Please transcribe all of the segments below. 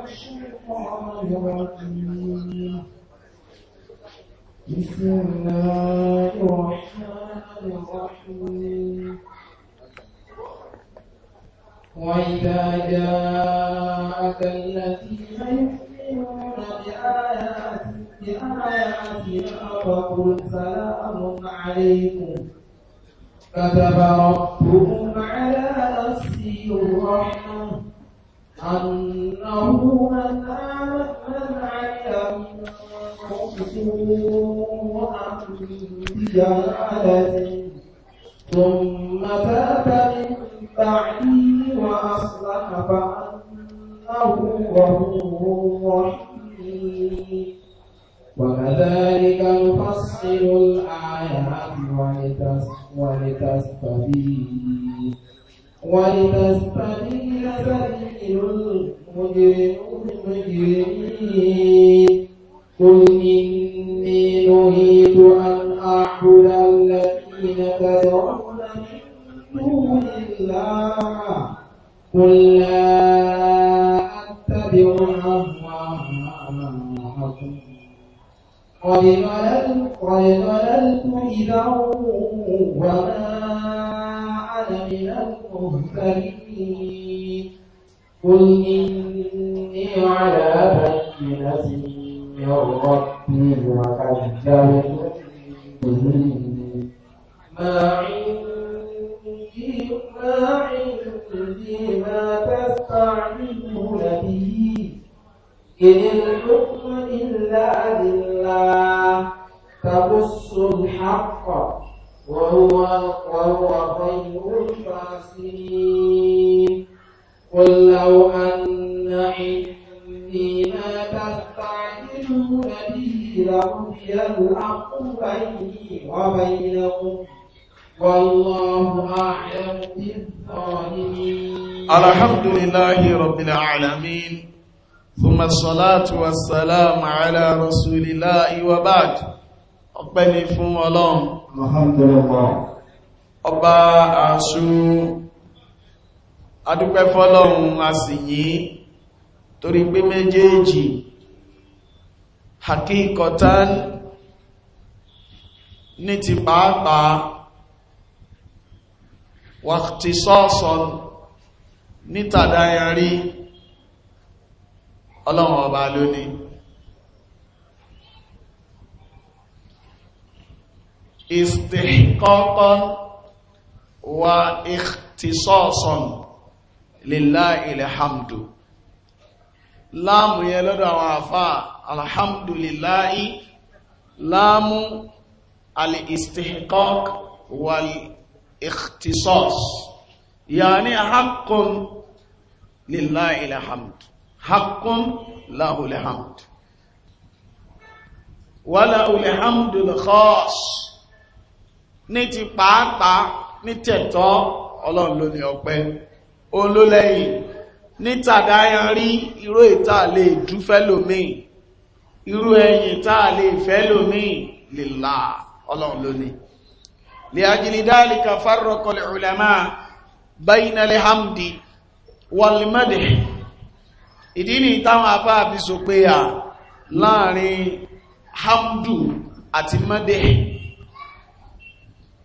بسم الله الرحمن الرحيم وإذا جاءك الذين يؤمنون بآياتنا فقل سلام عليكم كتب ربكم على نفسه الرحمة أنه من على أنفسه وأهله ثم تاب من بعده وأصلح فأنه غفور رحيم وكذلك نفصل الآيات ولتستبين ولتستبين سبيل المجرمين قل إني نهيت أن أعبد الذين تدعون من دون الله قل لا أتبع أهواءكم قد ضللت إذا وما من المهتدين قل إني على بينة من ربي وكذبتم به ما عندي ما عندي ما تستعجلون به إن الحكم إلا لله تبص الحق وهو وهو خير الفاسرين قل لو أن عندي ما تستعجلون به لقضي الحق بيني وبينكم والله أعلم الحمد لله رب العالمين ثم الصلاة والسلام على رسول الله وبعد ọpẹ́ ni fún ọlọ́run ọba àṣù adúpẹ́ fọ́lọ́run a sì yìí torí pé méjèèjì hakíkọtán ní ti pàápàá wàtí sọ́ọ̀sọ̀ ní tàdáyàrí ọlọ́run ọba lónìí استحقاقا واختصاصا لله الحمد láàmù yẹn lọ́dọ̀ àwọn àfáà alhamdulillahi láàmù alìstihikok wal-ikhtisos yàní haqqun lillahi ilhamd haqqun lahu ilhamd wala ilhamd al-khas ní ti pàápàá ní tẹ̀tọ́ ọlọ́run ló ní ọpẹ́ òun ló lẹ́yìn ní tàdáyàn rí irú ìta lè dúfẹ́ lómìn irú ẹ̀yìn tá a lè fẹ́ lómìn lèlà ọlọ́run ló ní lè ajílídáàlì kan fárọkọlẹ̀ ìrìnlẹ̀má báyínálẹ̀ hamdi wọlmọ́dẹ̀ ìdí ni táwọn afáàfi pé à láàrin hamdu àti mọ́dẹ̀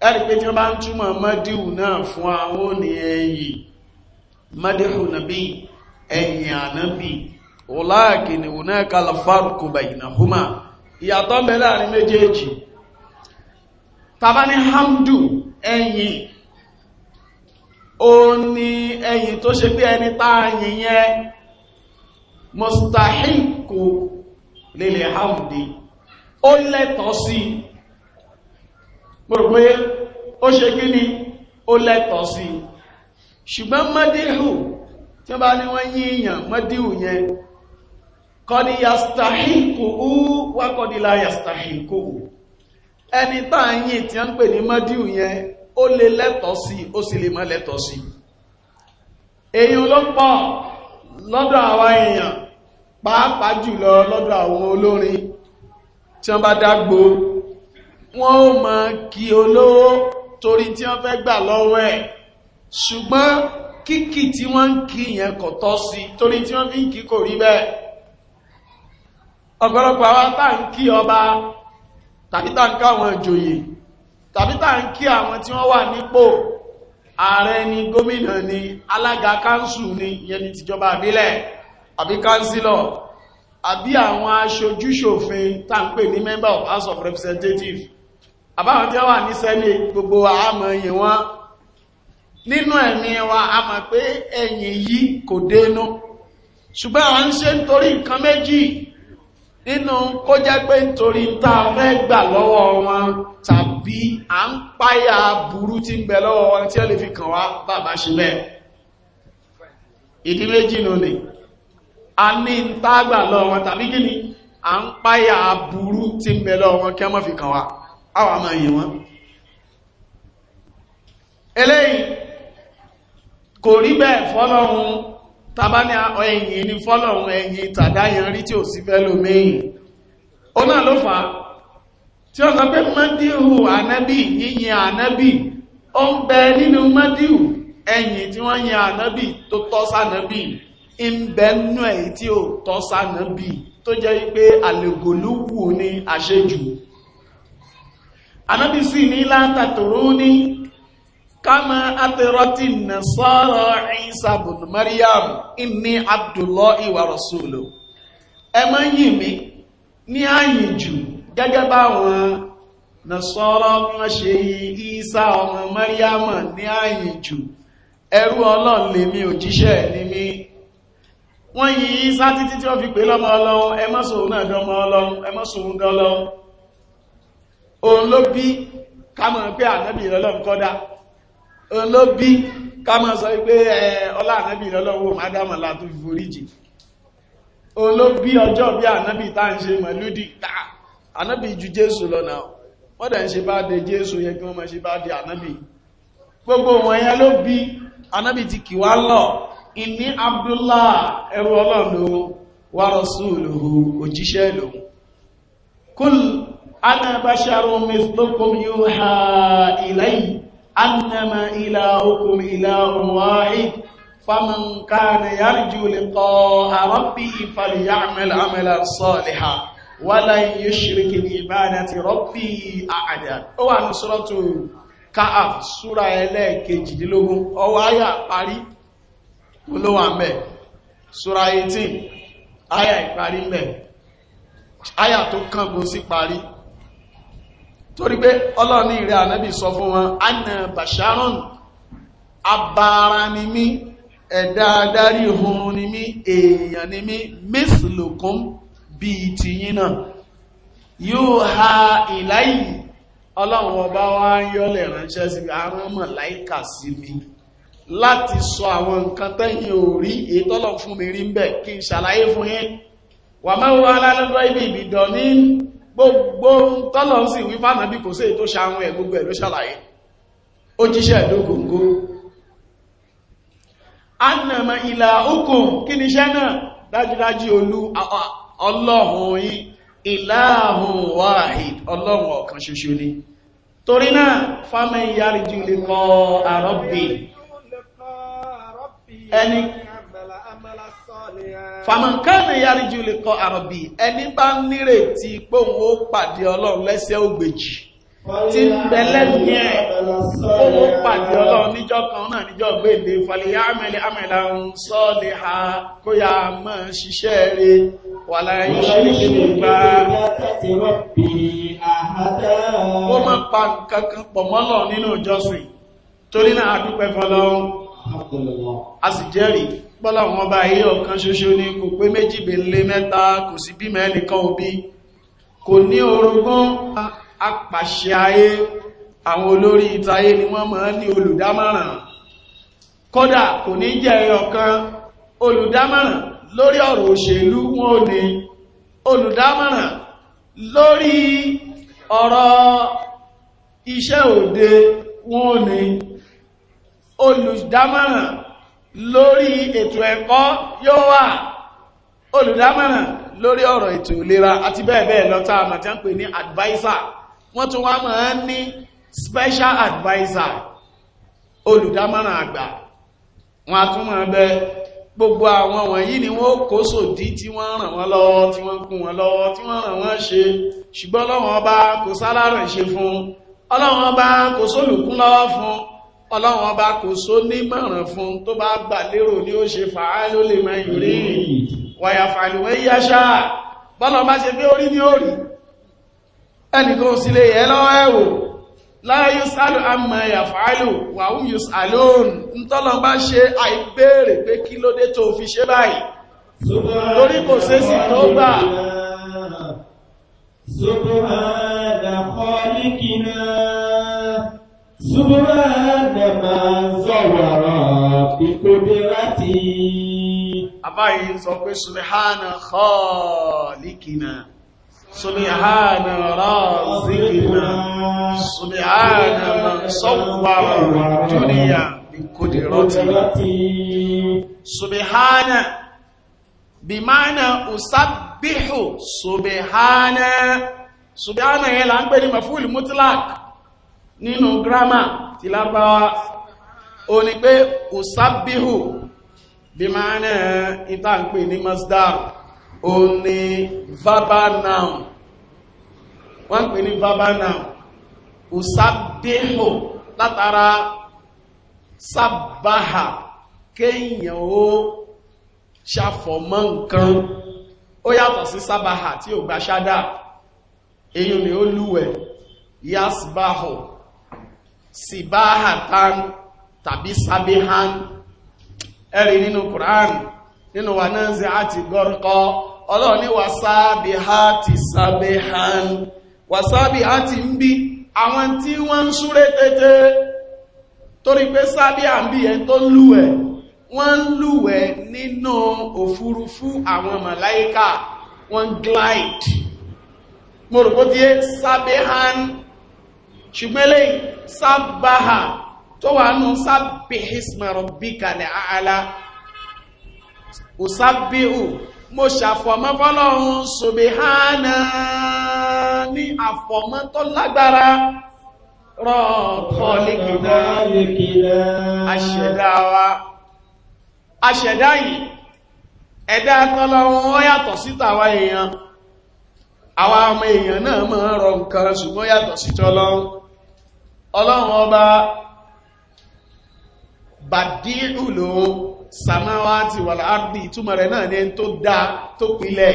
ẹ̀rí pé tí wọ́n bá ń túmọ̀ mọ́díhù náà fún àwọn òní ẹ̀yìn mọ́díhù nàbí ẹ̀yìn ànábì wọ́láàkì ni wọ́n náà kàlà fárùkù bàyìnà húmà ìyàtọ̀ ń bẹ láàrin méjèèjì tàbá ní hamdu ó ní sí mo rò pé ó ṣe kí ni ó lẹ́tọ̀ sí ṣùgbọ́n mọ́díhù tí wọ́n bá ní wọ́n yí èèyàn mọ́díhù yẹn ni yastahiku ú wákọ́dílá yastahiku ẹni táà yìí tí wọ́n ń pè ní mọ́díhù yẹn ó lè lẹ́tọ̀ sí ó sì lè má lẹ́tọ̀ sí wọ́n ó mọ̀ kí olówó torí tí wọ́n fẹ́ gbà lọ́wọ́ ẹ̀ ṣùgbọ́n kíkì tí wọ́n ń kí yẹn kò tọ́ sí torí tí wọ́n fi ń kí kò rí bẹ́ẹ̀ ọ̀pọ̀lọpọ̀ àwọn tá ń kí ọba tàbí tá ń ká àwọn ìjòyè tàbí tá ń kí àwọn tí wọ́n wà nípò ààrẹ ni gómìnà ni alága káńsù ni yẹn ni tìjọba àbílẹ̀ àbí káńsílọ̀ àbí àwọn aṣojúṣòfin tá ń pè ní member of house of representatives àbáwọn tí wà ní sẹ́ni gbogbo àmọ́ yìí wọ́n nínú ẹ̀mí wa a mọ̀ pé ẹ̀yìn yìí kò dénú ṣùgbọ́n àwọn ń ṣe nítorí nǹkan méjì nínú kó jẹ́ pé nítorí tá a fẹ́ gbà lọ́wọ́ wọn tàbí à ń páyà burú tí ń bẹ lọ́wọ́ wọn tí ó lè fi kàn wá bàbá ṣe bẹ́ẹ̀ ìdí méjì nù ni a ní ń tá gbà lọ́wọ́ wọn tàbí kí à ń páyà burú tí ń bẹ lọ́wọ́ wọn kí wọ́n fi kàn wá. àwọn àmà yìí wọn eléyìí kò rí bẹ́ẹ̀ fọ́lọ́run tàbá ní ẹ̀yìn fọ́lọ́run ẹ̀yìn tàdáyàn rí tí ò sí fẹ́ ó ló fà tí ó sọ mọ́díhù ànábì yíyin ànábì ó ń bẹ nínú mọ́díhù ẹ̀yìn tí wọ́n yin ànábì tó tọ́ ń bẹ nínú ẹ̀yìn tí ò tọ́ sánábì tó jẹ́ wípé anábì sí ní látàtòrò ní kama atẹ́rọtì nà sọ́rọ̀ Isa ibn Maryam inni Abdullahi wa rasuluhu ẹ má yìn mí ní àyìnjù gẹ́gẹ́ báwọn nà sọ́rọ̀ wọ́n ṣe Isa ọmọ Maryam ní àyìnjù ẹrú Ọlọ́run lèmi òjíṣẹ́ ni mi. wọ́n yìí sá títí tí wọ́n fi pè lọ́mọ Ọlọ́run ẹ má sọ òun náà dọ́mọ Ọlọ́run ẹ má sọ òun òun ló bí kámọ̀ pé ànábì ìrọlọ́run kọ́dá òun ló bí kámọ̀ sọ pé ọlá ànábì ìrọlọ́run wò ádámà látún foríjì òun ló bí ọjọ́ bí ànábì tá ń ṣe mọ̀lúdì ànábì ju jésù lọ́nà wọ́n dẹ̀ ń ṣe bá de jésù yẹ kí wọ́n máa ṣe bá de ànábì gbogbo wọn yẹn ló bí ànábì ti kì wá lọ ìní abdullah ẹrú ọlọ́run wa rasuluhu òjíṣẹ́ lòun أنا بشر مثلكم يوحى إلي أنما إلهكم إله واحد فمن كان يرجو لقاء ربه فليعمل عملا صالحا ولا يشرك بعبادة ربه أحدا هو سورة كعب سورة ẹlẹ́ẹ̀kejìdínlógún ọwọ́ àyà parí olówó àmẹ́ sura 18 àyà ìparí mẹ́ àyà tó kàn bó sí parí torí pé ọlọ́ni ìrẹ́ ànábì sọ fún wọn anà basharon abara ni mí ẹ̀dá adarí ohun ni mí èèyàn ni mí mísìlùkún bí i ti yín náà yóò ha ìláyì ọlọ́run ọba wá ń yọ́lẹ̀ ránṣẹ́ sí àwọn màláíkà sí mi láti sọ àwọn nǹkan tẹ́yìn ò rí ètọ́lọ̀ fún mi rí ń bẹ̀ kí n ṣàlàyé fún yín wà mẹ́wàá alálẹ́gbẹ́ ibi ìbìdàn ní gbogbo tọ́lọ̀ sí wífà náà bí kò sí ètò ṣàwọn ẹ̀ gbogbo ẹ̀ ló ṣàlàyé ó jíṣẹ́ ẹ̀dógóngó annama ìlà okùn kí ni iṣẹ́ náà dájúdájú olú ọlọ́hun yìí ìlàhùn wáhid ọlọ́hun ọ̀kan ṣoṣo ni torí náà fámẹ́ ìyáríjú lè kọ́ àrọ́bì ẹni fàmọ̀kánì yàríjú lè kọ àrọ̀bì ẹni bá ń nírètí pé òun ó pàdé ọlọ́run lẹ́sẹ̀ ògbèjì tí ń ní ẹ̀ ó pàdé ọlọ́run níjọ́ kan náà níjọ́ gbèdè fàlìyà àmẹ́lẹ̀ àmẹ́lẹ̀ ha kó yà mọ́ ṣiṣẹ́ wà láyé ó pa bọ́lá wọn bá ilé ọ̀kan ṣoṣo ní kò pé méjì belé mẹ́ta kò sí bímọ ẹnìkan òbí kò ní orogún apàṣẹ ayé àwọn olórí ìtayé ni wọ́n máa ní olùdámọ̀ràn kódà kò ní jẹ́ ọ̀kan olùdámọ̀ràn lórí ọ̀rọ̀ òṣèlú wọn ò ní olùdámọ̀ràn lórí ọ̀rọ̀ iṣẹ́ òde wọn ò ní olùdámọ̀ràn lórí ètò ẹ̀kọ́ yóò wà olùdámọ̀ràn lórí ọ̀rọ̀ ètò ìlera àti bẹ́ẹ̀ bẹ́ẹ̀ lọ tá ń pè ní advisor wọ́n tún wá máa ń ní special advisor olùdámọ̀ràn àgbà wọn a tún máa bẹ gbogbo àwọn wọ̀nyí ni wọ́n kó sòdí tí wọ́n ràn wọ́n lọ́wọ́ tí wọ́n kún wọn lọ́wọ́ tí wọ́n ràn wọ́n ṣe ṣùgbọ́n Ọlọ́run ọba kò sáláràn ṣe fún Ọlọ́run ọba kò sólùkún lọ́wọ́ fún ọlọ́run ọba kò só nímọ̀ràn fún tó bá gbà lérò ní ó ṣe fàá ló lè máa yìí rí wàyà fàníwẹ́ yáṣá bọ́nà bá ṣe pé orí ní orí ẹnìkan ò sí lè yẹ lọ́wọ́ ẹ̀wò láyé sálò àmà yàfàálò Subhana man zawara bi qudrati. Àbáyé sọ pé Subhana Khalikina, Subhana Razikina, Subhana man sawwara duniya bi qudrati. Subhana bí máa usabbihu Subhana. Subhana yẹn là ń pè ní Mafúlì Mutlak. nínú grámà ti o ni pé usabihu bí máa ní ń ní o ni verbal wọ́n pè ní látara sábàhà kéèyàn ó ṣàfọ̀mọ́ nǹkan ó yàtọ̀ sí sábàhà tí ò èyí ni sibahatan tàbí sabihan ẹ̀rí nínú Qur'an nínú wà náà ti àti gọ́rùkọ́ ọlọ́run ní wasabi hati sabihan wasabi ti ń bí àwọn tí wọ́n ń súré tètè torí pé sabihan bí ẹ tó lúwẹ̀ wọ́n ń lúwẹ̀ nínú òfurufú àwọn màláíkà wọ́n glide mo rò kó tí é sabihan ṣùgbọ́n eléyìí sábàá tó wà nù sábìhísmà rọ̀bíkà ní àlá òsábìhù mo ṣàfọ̀mọ́ fọ́lọ́run ṣòbíhánà ní àfọ̀mọ́ tó lágbára rọ̀kọ̀lẹ́kìdá aṣẹ̀dá wa aṣẹ̀dá yìí ẹ̀dá tọ́lọ́run ó yàtọ̀ sí tàwa èèyàn àwa ọmọ èèyàn náà máa ń rọ nǹkan ṣùgbọ́n yàtọ̀ sí tọ́lọ́run ọlọ́run ọba bàdíùlò samáwátì wà láàrùn ìtumọ̀ rẹ̀ náà ní tó dá tó pìlẹ̀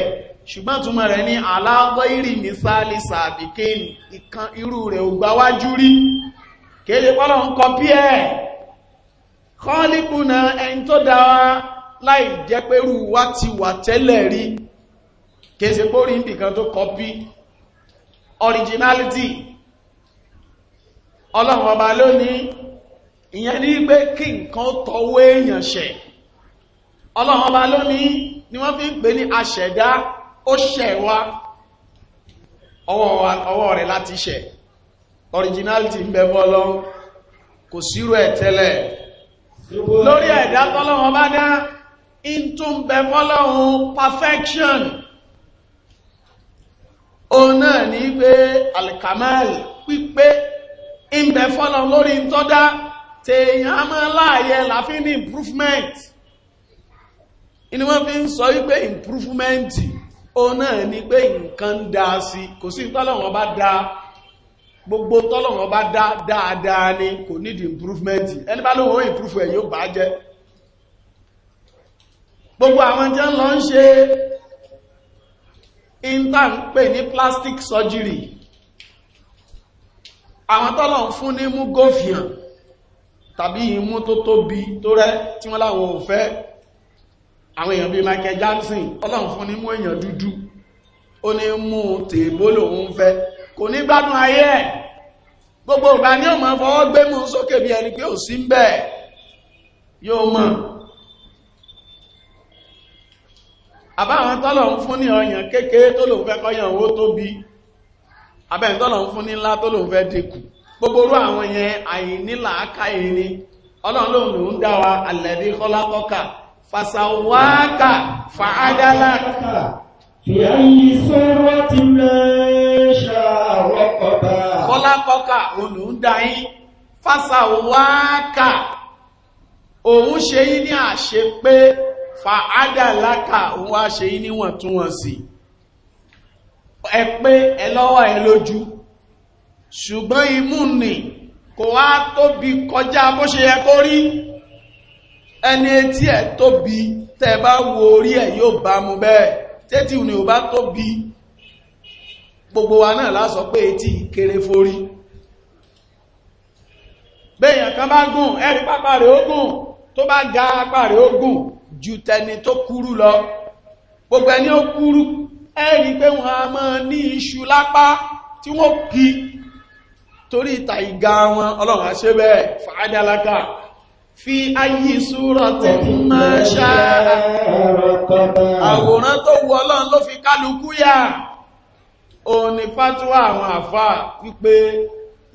ṣùgbọ́n túnmọ̀ rẹ̀ ní aláàgọ́ ìrì ní sáàlì sàbìkín ìkan irú rẹ̀ ògbáwájú rí kéde pọ́lọ̀ ń kọ pí ẹ̀ kọ́lípùnà ẹni tó dá láì jẹ́ pẹ́rù wá ti wà tẹ́lẹ̀ rí kéde pórí nìkan tó kọ pí originality ọlọ́run ọba lónìí ìyẹn ní pé kí nǹkan tọwọ́ èèyàn ṣẹ̀ ọlọ́run ọba lónìí ni wọ́n fi ń pè ní aṣẹ̀dá ó ṣẹ̀ wá ọwọ́ rẹ̀ láti ṣẹ̀ originality ń bẹ bọ́lọ́ kò sírò ẹ̀ tẹ́lẹ̀ lórí ẹ̀dá tọ́lọ́run ọba dá in tó ń bẹ fọ́lọ́run perfection òun náà ní pé alkamal pípé ìbẹ̀ fọ́lọ̀ lórí tọ́dá tèèyàn a máa láàyẹ láfí ní improvement inú wọ́n fi ń sọ wípé improvement o náà ni pé nǹkan dá sí kò sí tọ́lọ̀wọ́n bá dá gbogbo tọ́lọ̀wọ́n bá dá dáadáa ni kò need improvement ẹni bá lówó improve ẹ̀ yóò bá jẹ́ gbogbo àwọn jẹ́ ń lọ ń ṣe in tá ń pè ní plastic surgery àwọn tọ́lọ̀ ń fún ní mú gófìyàn tàbí imú tó tóbi tó rẹ́ tí wọ́n láwọn ò fẹ́ àwọn èèyàn bíi Michael Jackson ọlọ́run fún ní mú èèyàn dúdú ó ní mú tèébó lòun fẹ́ kò ní gbádùn ayé ẹ̀ gbogbo ìgbà ní ọmọ fọwọ́ gbé mú sókè bí ẹni pé ò sí ń bẹ̀ yóò mọ̀ àbáwọn tọ́lọ̀ ń fún ní ọyàn kékeré tó lòun fẹ́ kọ́yàn owó tóbi abẹ́ntọ́lọ̀ ń fún ní ńlá tó lòun fẹ́ dínkù gbogbo orú àwọn yẹn àìnílàáká ìní ọlọ́run lòun lòun dá wa alẹ́bí kọ́lákọ́kà fàṣàwákà fàádálà kọ́lákọ́kà òun dá yín fàṣàwákà òun ṣe yín ní àṣepé fàádálàkà òun wá ṣe yín níwọ̀ntúnwọ̀nsì ẹ̀pẹ́ ẹlọ́wọ́ ẹ lójú ṣùgbọ́n imú nì kò wá tóbi kọjá bó ṣe yẹ kó rí ẹni etí ẹ̀ tóbi tẹ́ bá wo orí ẹ̀ yóò bá mu bẹ́ẹ̀ tẹ́tí ni ò bá tóbi gbogbo wa náà la sọ pé etí kéré forí bẹ́yàn kan bá gùn ẹ̀rí pápá rẹ̀ ó gùn tó bá ga apá rẹ̀ ó gùn ju tẹni tó kúrú lọ gbogbo ẹni ó kúrú ẹ̀rí pé wọ́n a máa ní iṣu lápá tí wọ́n kí torí ìta ìga wọn ọlọ́run a ṣe bẹ́ẹ̀ fàájálákà fi ayé súrọ̀ tẹ̀ máa ṣá àwòrán tó wù ọlọ́run ló fi kálukú yà ó ní fátúwà àwọn àfà wípé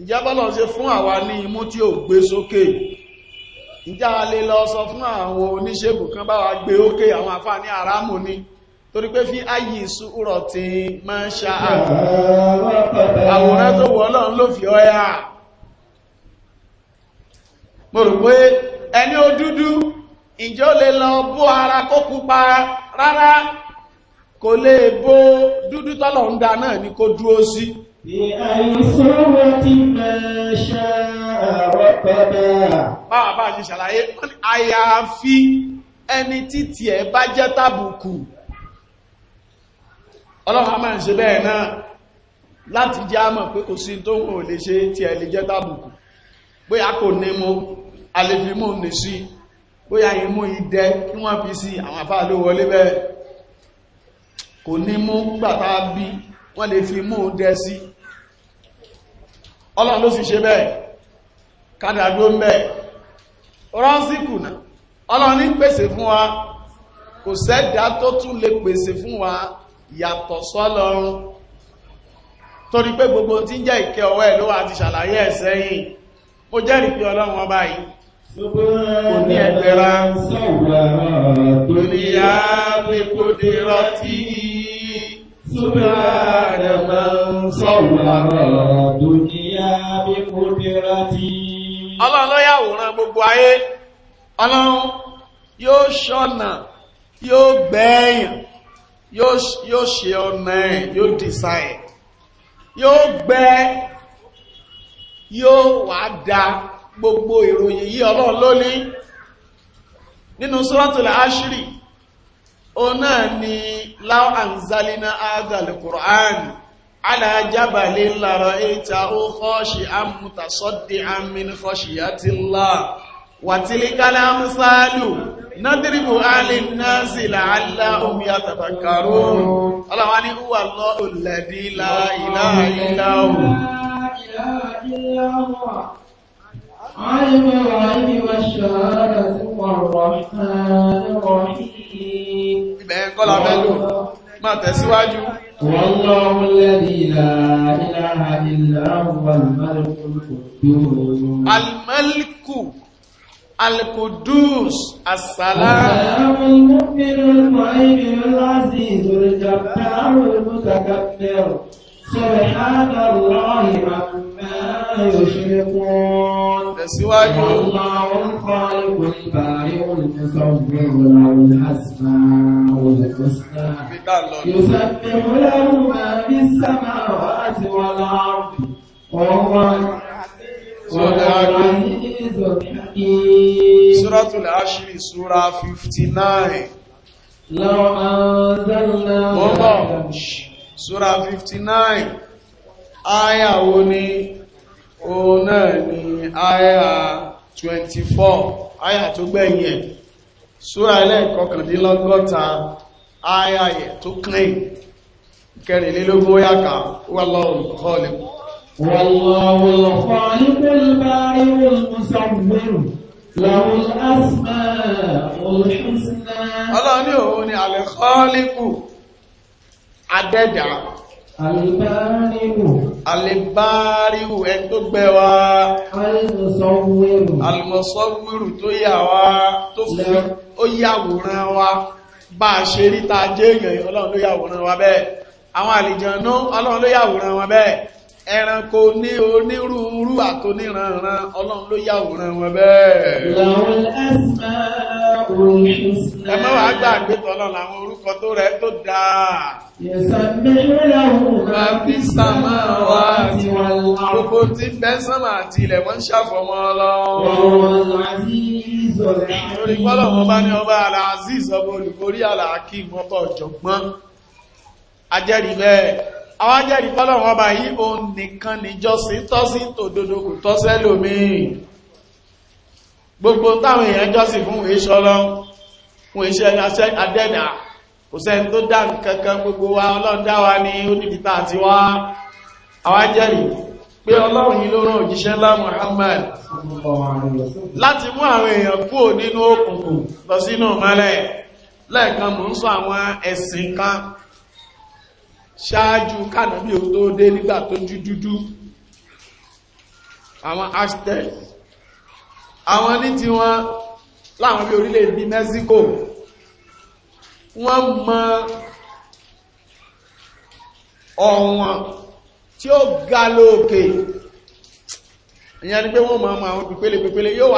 ìjábọ́lọ̀ ṣe fún àwa ní imú tí ò gbé sókè ìjà lè lọ sọ fún àwọn oníṣègùn kan bá gbé ókè àwọn àfà ní àrámù ni. Okay, torí pé fi ayì ìṣúrọ̀ ti máa ń ṣá àwòrán tó wọ́ ọlọ́run ló fi ọya mo rò pé ẹni ó dúdú ìjọ lè lọ bó ara kó pupa rárá kò lè bó dúdú tọ́lọ̀ ń da náà ni kó dúró sí Báwa ṣe ṣàlàyé, àyàfi ẹni títí ẹ bá jẹ́ tàbùkù ọlọ́run a máa ń ṣe bẹ́ẹ̀ náà láti jẹ́ àmọ̀ pé kò sí tó wọ́n lè ṣe tí ẹ lè jẹ́ tàbùkù pé a kò ní mú alèfimú ní sí bóyá yìí mú idẹ kí wọ́n fi sí àwọn àfáà ló wọlé bẹ́ẹ̀ kò ní mú gbàtà bí wọ́n lè fi mú dẹ sí ọlọ́run ló sì ṣe bẹ́ẹ̀ kádàgbó ń bẹ́ẹ̀ rọ́nsíkù náà ọlọ́run ní pèsè fún wa kò sẹ́dá tó tún lè pèsè fún wa yàtọ̀ sọ́lọ́run torí pé gbogbo tí ń jẹ́ ìkẹ́ ọwọ́ ẹ̀ ló wà ti ṣàlàyé ẹ̀ sẹ́yìn mo jẹ́rìí pé ọlọ́run ọba yìí kò ní ẹgbẹ̀ra ọlọ́run gbogbo ayé ọlọ́run yóò ṣọ́nà yóò gbẹ̀ẹ́yàn yóò ṣe ọ̀nà ẹ̀ yóò decide yóò gbẹ yóò wà dá gbogbo ìròyìn yí ọlọ́run ló ní nínú suratul ashri o náà ni law anzalina adal qur'an ala jabalin lara ita o khashi am mutasaddian min khashiyati Allah wàtílíkálá mùsáàlù nádìrìbò alì náà sí làálá omi àtàtàkàrò ọlọ́wà ní húwà lọ òlẹ̀dí láìlá ìlà ohun ibẹ̀ kọ́lá mẹ́lò máa tẹ̀síwájú والله الذي لا إله إلا هو الملك القدوس الملك القدوس السلام المؤمن المؤمن العزيز الجبار المتكبر سبحان الله عما يشركون تسواجه الله الخالق البارئ المصور له الاسماء الحسنى يسبح له ما في السماوات والارض وهو Suratul Ashri Sura 59. Law anzalna 59. Aya wo ni? Òun náà ni aya 24. Aya tó gbẹ̀yìn ẹ̀. Sura ẹlẹ́ẹ̀kọkàndínlọ́gọ́ta. Aya yẹ̀ tó kìí. Kẹrìnlélógún yàkà. Wallahu khaliq. والله الخالق البارئ المصور له الأسماء الحسنى الله ni òun ni àlẹ́kọ́ọ́líkù adẹ́dà alìbáríwò alìbáríwò ẹ tó gbẹ wa alìmọ̀sọ́wìrù alìmọ̀sọ́wìrù tó yà wá tó fi ó yàwòrán wa bá a ṣe rí ta jẹ́ èèyàn ọlọ́run ló yàwòrán wa bẹ́ẹ̀ àwọn àlìjànú ọlọ́run ló yàwòrán wa bẹ́ẹ̀ ẹranko ní onírúurú àtòníranran ọlọ́run ló yàwòrán wọn bẹ́ẹ̀. ẹ má wàá gbàgbé tọ́lọ́ làwọn orúkọ tó rẹ̀ tó dáa. Gbogbo tí bẹ́ àti ilẹ̀ wọ́n ṣàfọmọ́ ọlọ́run. Lórí pọ́lọ̀ wọn bá ní ọba Al-Aziz olùkórí Al-Hakim ọ̀jọ̀gbọ́n. Ajẹ́rìí bẹ́ẹ̀ àwọn ajẹ́rìí pọ́lọ̀wọ́ bá yí o nìkan níjọsìn tọ́sí tó dòdòkù tọ́sẹ́ lòmíì gbogbo táwọn èèyàn jọ́sìn fún ìṣọ́lọ́ fún iṣẹ́ adẹ́dà kò sẹ́ni tó dá nǹkankan gbogbo wa ọlọ́run dá wa ní oníbìtà àti wá àwọn ajẹ́rìí pé ọlọ́run yìí ló rán òjíṣẹ́ Muhammad láti mú àwọn èèyàn kúrò nínú òkùnkùn lọ sínú mọ́lẹ̀ lẹ́ẹ̀kan mò ń sọ àwọn ẹ̀sìn kan ṣáájú kánàbí o tó dé nígbà tó jú dúdú àwọn aztec àwọn ní tí wọ́n láwọn bí orílẹ̀ bí Mexico wọ́n mọ ọ̀wọ̀n tí ó ga lóòkè ìyẹn ni pé wọ́n mọ àwọn pípele pípele yóò